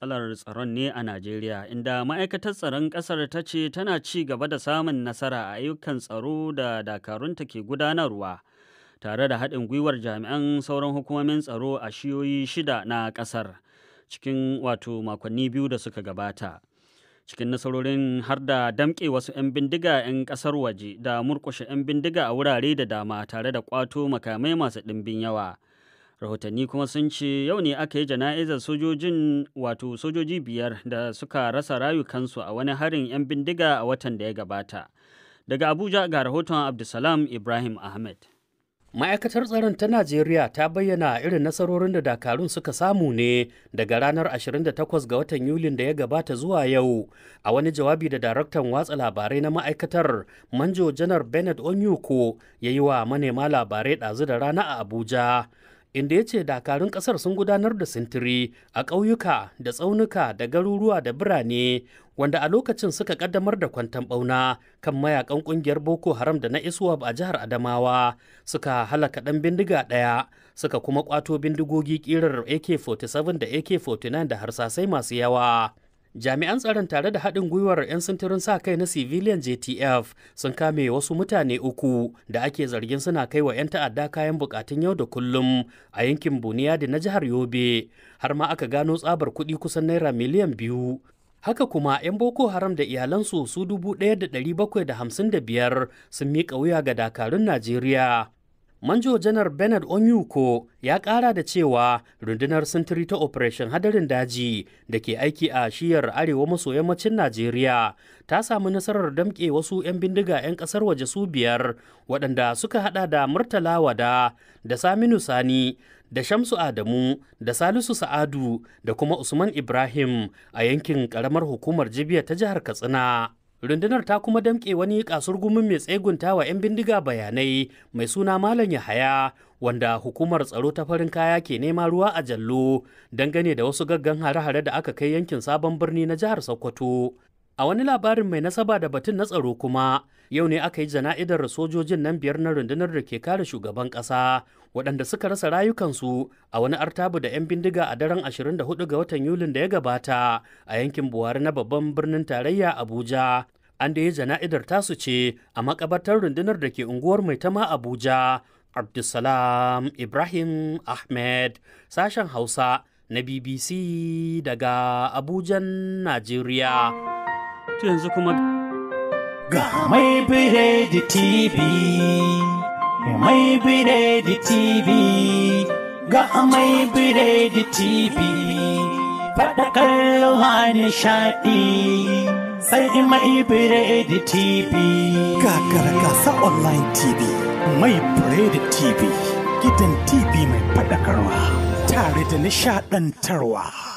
matsalar tsaron ne a Najeriya, inda ma'aikatar tsaron ƙasar ta ce tana ci gaba da samun nasara a ayyukan tsaro da dakarunta ke gudanarwa, tare da haɗin gwiwar jami'an sauran hukumomin tsaro a shiyoyi shida na ƙasar, cikin wato makonni biyu da suka gabata. Cikin nasarorin har da damƙe wasu 'yan bindiga 'yan ƙasar waje da murƙushe 'yan bindiga a wurare da dama tare da ƙwato makamai masu ɗimbin yawa. rahotanni kuma sun ce yau ne aka yi jana'izar sojojin wato sojoji biyar da suka rasa rayukansu a wani harin 'yan bindiga a watan da ya gabata daga abuja ga rahoton abdulsalam ibrahim ahmed ma'aikatar tsaron ta najeriya ta bayyana irin nasarorin da dakarun suka samu ne daga ranar 28 ga watan yulin da ya gabata zuwa yau a wani jawabi da daraktan watsa labarai na ma'aikatar manjo janar bennett onyuko ya yi wa manema labarai ɗazu da rana a abuja inda ya ce dakarun kasar sun gudanar da sintiri a ƙauyuka da tsaunuka da garuruwa da birane wanda a lokacin suka kaddamar da kwantan bauna kan mayakan kungiyar boko haram da na isuwa a jihar adamawa suka halaka dan bindiga ɗaya suka kuma kwato bindigogi kirar ak-47 da ak-49 da harsasai masu yawa jami'an tsaron tare da haɗin gwiwar 'yan sintirin sa kai na civilian jtf sun kame wasu mutane uku da ake zargin suna kai wa 'yan ta'adda kayan bukatun yau da kullum a yankin buniyadi na jihar yobe har ma aka gano tsabar kuɗi kusan naira miliyan biyu haka kuma 'yan boko haram da iyalansu su dubu ɗaya da da da ɗari bakwai hamsin biyar sun miƙa wuya ga dakarun najeriya manjo janar bernard onyuko ya kara da cewa rundunar sintiri ta operation hadarin daji da ke aiki a shiyar arewa maso yammacin najeriya ta samu nasarar damke wasu 'yan bindiga 'yan kasar waje su biyar waɗanda suka hada da murtala wada da saminu sani da Shamsu Adamu da Salisu Sa'adu da kuma Usman Ibrahim a yankin ƙaramar hukumar Jibiya ta jihar Katsina. rundunar ta kuma damƙe wani kasurgumin mai tsegunta wa 'yan bindiga bayanai mai suna malam yahaya wanda hukumar tsaro ta farin kaya ke nema ruwa a jallo dangane da wasu gaggan hare-hare da aka kai yankin sabon birni na jihar sokoto a wani labarin mai nasaba da batun na tsaro kuma yau ne aka yi jana'idar sojojin nan biyar na rundunar da ke kare shugaban ƙasa waɗanda suka rasa rayukansu a wani artabu da 'yan bindiga a daren 24 ga watan yulin da ya gabata a yankin buhari na babban birnin tarayya abuja an da yi jana'idar tasu ce a makabartar rundunar da ke unguwar mai tama abuja abdulsalam ibrahim ahmed sashen hausa na bbc daga abuja najeriya yanzu kuma ga mai bire da tv mai bire da tv ga mai bire da tv faɗaƙar kallon nishaɗi sai mai biredi tv kakara gasa online tv mai biredi tv gidan tv mai faɗakarwa tare da nishaɗantarwa